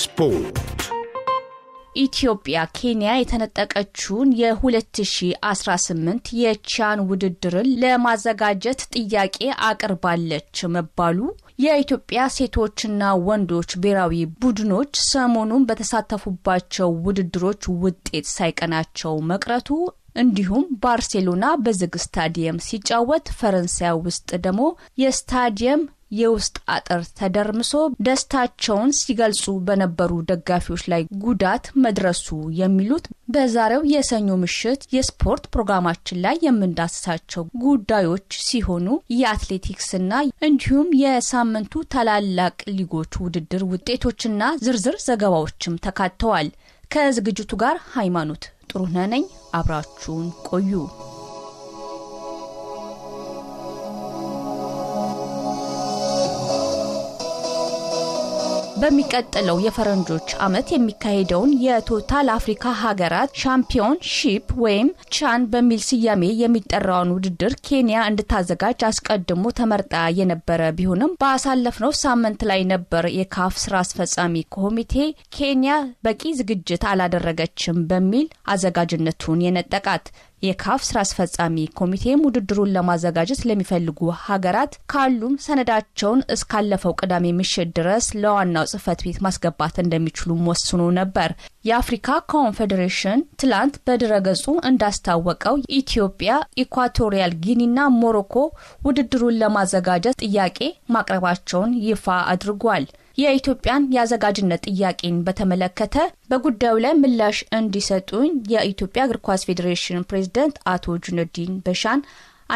ስፖርት ኢትዮጵያ ኬንያ የተነጠቀችውን የ2018 የቻን ውድድርን ለማዘጋጀት ጥያቄ አቅርባለች መባሉ የኢትዮጵያ ሴቶችና ወንዶች ብሔራዊ ቡድኖች ሰሞኑን በተሳተፉባቸው ውድድሮች ውጤት ሳይቀናቸው መቅረቱ እንዲሁም ባርሴሎና በዝግ ስታዲየም ሲጫወት ፈረንሳይ ውስጥ ደግሞ የስታዲየም የውስጥ አጥር ተደርምሶ ደስታቸውን ሲገልጹ በነበሩ ደጋፊዎች ላይ ጉዳት መድረሱ የሚሉት በዛሬው የሰኞ ምሽት የስፖርት ፕሮግራማችን ላይ የምንዳስሳቸው ጉዳዮች ሲሆኑ የአትሌቲክስና እንዲሁም የሳምንቱ ታላላቅ ሊጎች ውድድር ውጤቶችና ዝርዝር ዘገባዎችም ተካተዋል። ከዝግጅቱ ጋር ሃይማኖት ጥሩነህ ነኝ። አብራችሁን ቆዩ። በሚቀጥለው የፈረንጆች ዓመት የሚካሄደውን የቶታል አፍሪካ ሀገራት ሻምፒዮን ሺፕ ወይም ቻን በሚል ስያሜ የሚጠራውን ውድድር ኬንያ እንድታዘጋጅ አስቀድሞ ተመርጣ የነበረ ቢሆንም በአሳለፍነው ሳምንት ላይ ነበር የካፍ ስራ አስፈጻሚ ኮሚቴ ኬንያ በቂ ዝግጅት አላደረገችም በሚል አዘጋጅነቱን የነጠቃት። የካፍ ስራ አስፈጻሚ ኮሚቴም ውድድሩን ለማዘጋጀት ለሚፈልጉ ሀገራት ካሉም ሰነዳቸውን እስካለፈው ቅዳሜ ምሽት ድረስ ለዋናው ጽህፈት ቤት ማስገባት እንደሚችሉም ወስኖ ነበር። የአፍሪካ ኮንፌዴሬሽን ትላንት በድረገጹ እንዳስታወቀው ኢትዮጵያ፣ ኢኳቶሪያል ጊኒና ሞሮኮ ውድድሩን ለማዘጋጀት ጥያቄ ማቅረባቸውን ይፋ አድርጓል። የኢትዮጵያን የአዘጋጅነት ጥያቄን በተመለከተ በጉዳዩ ላይ ምላሽ እንዲሰጡኝ የኢትዮጵያ እግር ኳስ ፌዴሬሽን ፕሬዚደንት አቶ ጁነዲን በሻን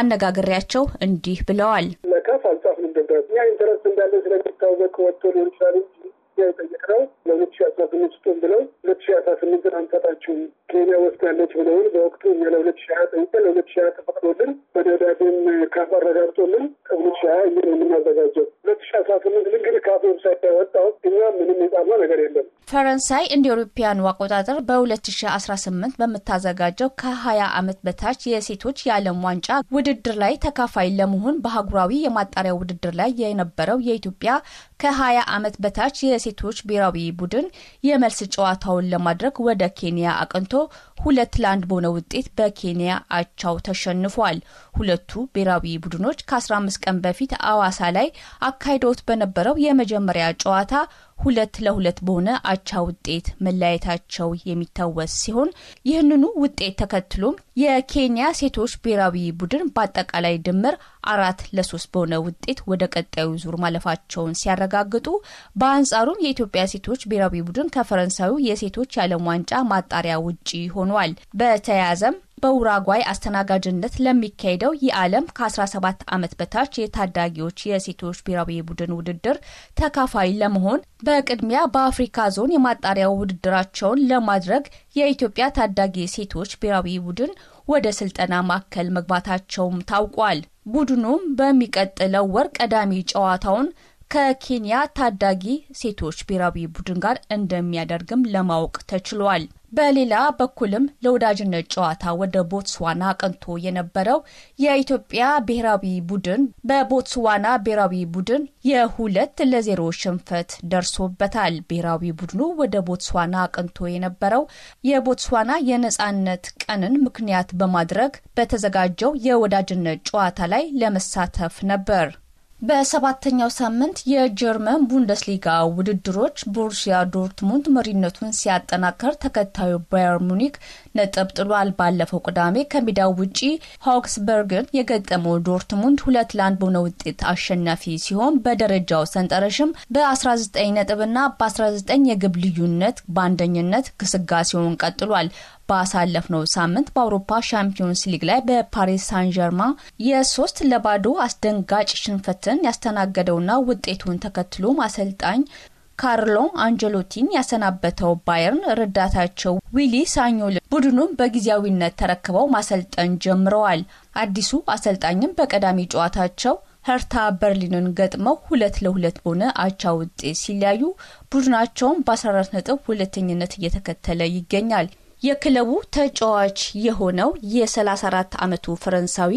አነጋግሬያቸው እንዲህ ብለዋል። ለካፍ አልጻፍንም ደብዳቤ እኛ ኢንተረስት እንዳለ ስለሚታወቅ ወጥቶ ሊሆን ይችላል እንጂ የጠየቅነው ለሁለት ሺ አስራ ስምንት ስጡን ብለው ሁለት ሺ አስራ ስምንትን አንሰጣችሁም ኬንያ ውስጥ ያለች ብለውን በወቅቱ እኛ ለሁለት ሺ ሀያ ጠይቀን ለሁለት ሺ ሀያ ተፈቅዶልን በደብዳቤም ካፍ አረጋግጦልን ከሁለት ሺ ሀያ እኛ ነው የምናዘጋጀው አስራ ስምንት ልንግድ ከአቶ ምሳይ ወጣሁት እኛ ምንም የጻፍነው ነገር የለም። ፈረንሳይ እንደ ኤውሮፓውያኑ አቆጣጠር በ2018 በምታዘጋጀው ከ20 ዓመት በታች የሴቶች የዓለም ዋንጫ ውድድር ላይ ተካፋይ ለመሆን በአህጉራዊ የማጣሪያ ውድድር ላይ የነበረው የኢትዮጵያ ከ20 ዓመት በታች የሴቶች ብሔራዊ ቡድን የመልስ ጨዋታውን ለማድረግ ወደ ኬንያ አቅንቶ ሁለት ለአንድ በሆነ ውጤት በኬንያ አቻው ተሸንፏል። ሁለቱ ብሔራዊ ቡድኖች ከ15 ቀን በፊት አዋሳ ላይ አካሂደውት በነበረው የመጀመሪያ ጨዋታ ሁለት ለሁለት በሆነ አቻ ውጤት መለያየታቸው የሚታወስ ሲሆን ይህንኑ ውጤት ተከትሎም የኬንያ ሴቶች ብሔራዊ ቡድን በአጠቃላይ ድምር አራት ለሶስት በሆነ ውጤት ወደ ቀጣዩ ዙር ማለፋቸውን ሲያረጋግጡ፣ በአንጻሩም የኢትዮጵያ ሴቶች ብሔራዊ ቡድን ከፈረንሳዩ የሴቶች የዓለም ዋንጫ ማጣሪያ ውጪ ሆኗል። በተያያዘም በኡራጓይ አስተናጋጅነት ለሚካሄደው የዓለም ከ17 ዓመት በታች የታዳጊዎች የሴቶች ብሔራዊ ቡድን ውድድር ተካፋይ ለመሆን በቅድሚያ በአፍሪካ ዞን የማጣሪያ ውድድራቸውን ለማድረግ የኢትዮጵያ ታዳጊ ሴቶች ብሔራዊ ቡድን ወደ ስልጠና ማዕከል መግባታቸውም ታውቋል። ቡድኑም በሚቀጥለው ወር ቀዳሚ ጨዋታውን ከኬንያ ታዳጊ ሴቶች ብሔራዊ ቡድን ጋር እንደሚያደርግም ለማወቅ ተችሏል። በሌላ በኩልም ለወዳጅነት ጨዋታ ወደ ቦትስዋና አቅንቶ የነበረው የኢትዮጵያ ብሔራዊ ቡድን በቦትስዋና ብሔራዊ ቡድን የሁለት ለዜሮ ሽንፈት ደርሶበታል። ብሔራዊ ቡድኑ ወደ ቦትስዋና አቅንቶ የነበረው የቦትስዋና የነጻነት ቀንን ምክንያት በማድረግ በተዘጋጀው የወዳጅነት ጨዋታ ላይ ለመሳተፍ ነበር። በሰባተኛው ሳምንት የጀርመን ቡንደስሊጋ ውድድሮች ቦሩሲያ ዶርትሙንድ መሪነቱን ሲያጠናከር ተከታዩ ባየር ሙኒክ ነጥብ ጥሏል። ባለፈው ቅዳሜ ከሜዳው ውጪ ሆግስበርግን የገጠመው ዶርትሙንድ ሁለት ለአንድ በሆነ ውጤት አሸናፊ ሲሆን በደረጃው ሰንጠረዥም በ19 ነጥብና በ19 የግብ ልዩነት በአንደኝነት ግስጋሴውን ቀጥሏል። ባሳለፍነው ሳምንት በአውሮፓ ሻምፒዮንስ ሊግ ላይ በፓሪስ ሳን ጀርማ የሶስት ለባዶ አስደንጋጭ ሽንፈትን ያስተናገደውና ውጤቱን ተከትሎ አሰልጣኝ ካርሎ አንጀሎቲን ያሰናበተው ባየርን ረዳታቸው ዊሊ ሳኞል ቡድኑን በጊዜያዊነት ተረክበው ማሰልጠን ጀምረዋል። አዲሱ አሰልጣኝም በቀዳሚ ጨዋታቸው ሄርታ በርሊንን ገጥመው ሁለት ለሁለት በሆነ አቻ ውጤት ሲለያዩ ቡድናቸውን በ14 ነጥብ ሁለተኝነት እየተከተለ ይገኛል። የክለቡ ተጫዋች የሆነው የ34 ዓመቱ ፈረንሳዊ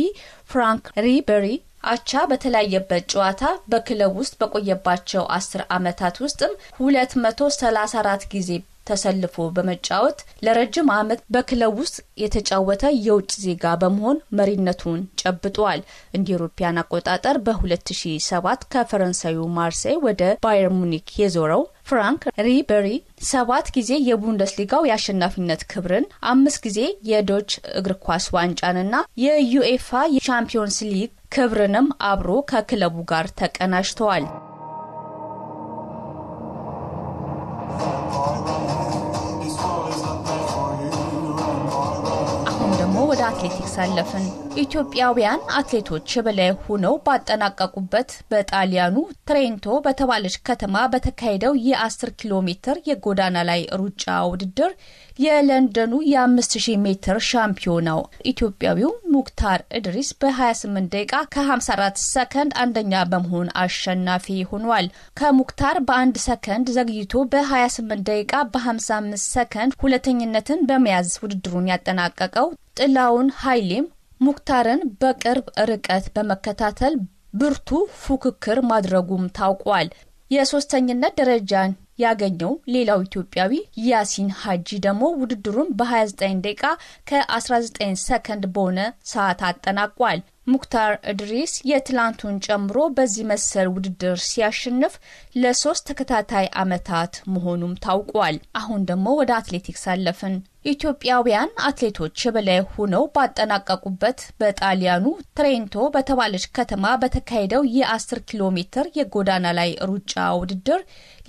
ፍራንክ ሪበሪ አቻ በተለያየበት ጨዋታ በክለብ ውስጥ በቆየባቸው አስር ዓመታት ውስጥም 234 ጊዜ ተሰልፎ በመጫወት ለረጅም ዓመት በክለብ ውስጥ የተጫወተ የውጭ ዜጋ በመሆን መሪነቱን ጨብጧል። እንደ አውሮፓውያን አቆጣጠር በ2007 ከፈረንሳዩ ማርሴይ ወደ ባየር ሙኒክ የዞረው ፍራንክ ሪበሪ ሰባት ጊዜ የቡንደስሊጋው የአሸናፊነት ክብርን፣ አምስት ጊዜ የዶች እግር ኳስ ዋንጫንና የዩኤፋ የቻምፒዮንስ ሊግ ክብርንም አብሮ ከክለቡ ጋር ተቀናጅተዋል። አትሌቲክስ አለፍን። ኢትዮጵያውያን አትሌቶች የበላይ ሆነው ባጠናቀቁበት በጣሊያኑ ትሬንቶ በተባለች ከተማ በተካሄደው የ10 ኪሎ ሜትር የጎዳና ላይ ሩጫ ውድድር የለንደኑ የ5000 ሜትር ሻምፒዮናው ኢትዮጵያዊው ሙክታር እድሪስ በ28 ደቂቃ ከ54 ሰከንድ አንደኛ በመሆን አሸናፊ ሆኗል። ከሙክታር በአንድ ሰከንድ ዘግይቶ በ28 ደቂቃ በ55 ሰከንድ ሁለተኝነትን በመያዝ ውድድሩን ያጠናቀቀው ጥላውን ኃይሌም ሙክታርን በቅርብ ርቀት በመከታተል ብርቱ ፉክክር ማድረጉም ታውቋል። የሶስተኝነት ደረጃን ያገኘው ሌላው ኢትዮጵያዊ ያሲን ሀጂ ደግሞ ውድድሩን በ29 ደቂቃ ከ19 ሰከንድ በሆነ ሰዓት አጠናቋል። ሙክታር እድሪስ የትላንቱን ጨምሮ በዚህ መሰል ውድድር ሲያሸንፍ ለሶስት ተከታታይ ዓመታት መሆኑም ታውቋል። አሁን ደግሞ ወደ አትሌቲክስ አለፍን። ኢትዮጵያውያን አትሌቶች የበላይ ሆነው ባጠናቀቁበት በጣሊያኑ ትሬንቶ በተባለች ከተማ በተካሄደው የ10 ኪሎ ሜትር የጎዳና ላይ ሩጫ ውድድር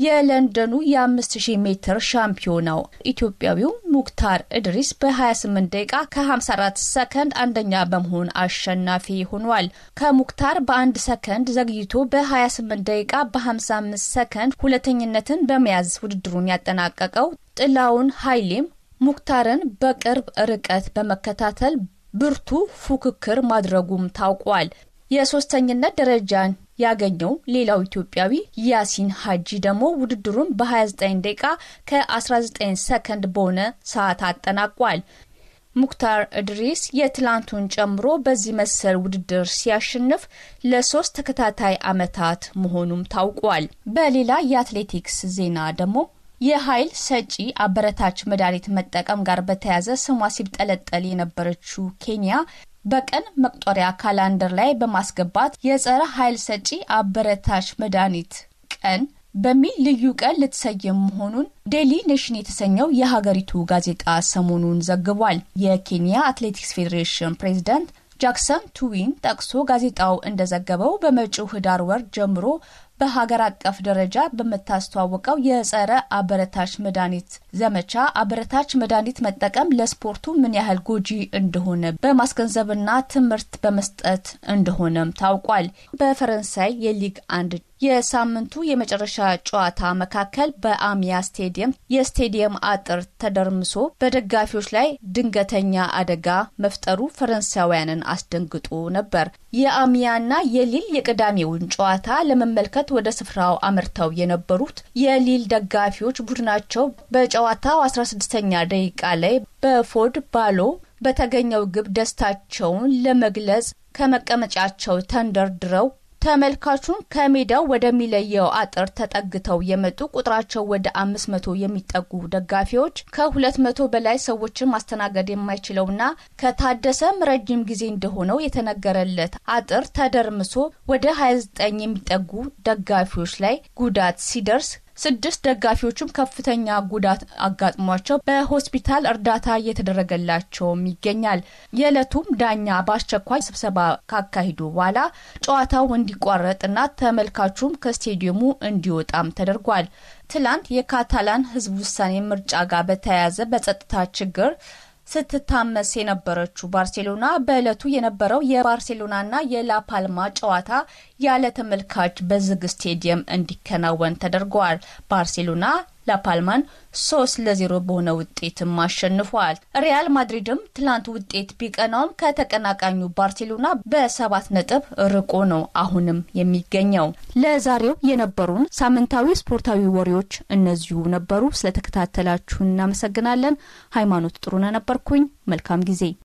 የለንደኑ የ5000 ሜትር ሻምፒዮናው ኢትዮጵያዊው ሙክታር እድሪስ በ28 ደቂቃ ከ54 ሰከንድ አንደኛ በመሆን አሸናፊ ሆኗል። ከሙክታር በአንድ ሰከንድ ዘግይቶ በ28 ደቂቃ በ55 ሰከንድ ሁለተኝነትን በመያዝ ውድድሩን ያጠናቀቀው ጥላውን ኃይሌም ሙክታርን በቅርብ ርቀት በመከታተል ብርቱ ፉክክር ማድረጉም ታውቋል። የሶስተኝነት ደረጃን ያገኘው ሌላው ኢትዮጵያዊ ያሲን ሀጂ ደግሞ ውድድሩን በ29 ደቂቃ ከ19 ሰከንድ በሆነ ሰዓት አጠናቋል። ሙክታር እድሪስ የትላንቱን ጨምሮ በዚህ መሰል ውድድር ሲያሸንፍ ለሶስት ተከታታይ ዓመታት መሆኑም ታውቋል። በሌላ የአትሌቲክስ ዜና ደግሞ የኃይል ሰጪ አበረታች መድኃኒት መጠቀም ጋር በተያያዘ ስሟ ሲብጠለጠል የነበረችው ኬንያ በቀን መቁጠሪያ ካላንደር ላይ በማስገባት የጸረ ኃይል ሰጪ አበረታች መድኃኒት ቀን በሚል ልዩ ቀን ልትሰየም መሆኑን ዴሊ ኔሽን የተሰኘው የሀገሪቱ ጋዜጣ ሰሞኑን ዘግቧል። የኬንያ አትሌቲክስ ፌዴሬሽን ፕሬዚዳንት ጃክሰን ቱዊን ጠቅሶ ጋዜጣው እንደዘገበው በመጪው ህዳር ወር ጀምሮ በሀገር አቀፍ ደረጃ በምታስተዋወቀው የጸረ አበረታች መድኃኒት ዘመቻ አበረታች መድኃኒት መጠቀም ለስፖርቱ ምን ያህል ጎጂ እንደሆነ በማስገንዘብና ትምህርት በመስጠት እንደሆነም ታውቋል። በፈረንሳይ የሊግ አንድ የሳምንቱ የመጨረሻ ጨዋታ መካከል በአሚያ ስቴዲየም የስቴዲየም አጥር ተደርምሶ በደጋፊዎች ላይ ድንገተኛ አደጋ መፍጠሩ ፈረንሳውያንን አስደንግጦ ነበር። የአሚያና የሊል የቅዳሜውን ጨዋታ ለመመልከት ወደ ስፍራው አምርተው የነበሩት የሊል ደጋፊዎች ቡድናቸው በጨዋታው 16ኛ ደቂቃ ላይ በፎድ ባሎ በተገኘው ግብ ደስታቸውን ለመግለጽ ከመቀመጫቸው ተንደርድረው ተመልካቹን ከሜዳው ወደሚለየው አጥር ተጠግተው የመጡ ቁጥራቸው ወደ አምስት መቶ የሚጠጉ ደጋፊዎች ከሁለት መቶ በላይ ሰዎችን ማስተናገድ የማይችለውና ከታደሰም ረጅም ጊዜ እንደሆነው የተነገረለት አጥር ተደርምሶ ወደ 29 የሚጠጉ ደጋፊዎች ላይ ጉዳት ሲደርስ ስድስት ደጋፊዎቹም ከፍተኛ ጉዳት አጋጥሟቸው በሆስፒታል እርዳታ እየተደረገላቸውም ይገኛል። የዕለቱም ዳኛ በአስቸኳይ ስብሰባ ካካሂዱ በኋላ ጨዋታው እንዲቋረጥና ተመልካቹም ከስቴዲየሙ እንዲወጣም ተደርጓል። ትላንት የካታላን ሕዝብ ውሳኔ ምርጫ ጋር በተያያዘ በጸጥታ ችግር ስትታመስ የነበረችው ባርሴሎና በዕለቱ የነበረው የባርሴሎናና የላፓልማ ጨዋታ ያለ ተመልካች በዝግ ስቴዲየም እንዲከናወን ተደርጓል። ባርሴሎና ላፓልማን ሶስት ለዜሮ በሆነ ውጤትም አሸንፏል። ሪያል ማድሪድም ትላንት ውጤት ቢቀናውም ከተቀናቃኙ ባርሴሎና በሰባት ነጥብ ርቆ ነው አሁንም የሚገኘው። ለዛሬው የነበሩን ሳምንታዊ ስፖርታዊ ወሬዎች እነዚሁ ነበሩ። ስለተከታተላችሁ እናመሰግናለን። ሃይማኖት ጥሩነህ ነበርኩኝ። መልካም ጊዜ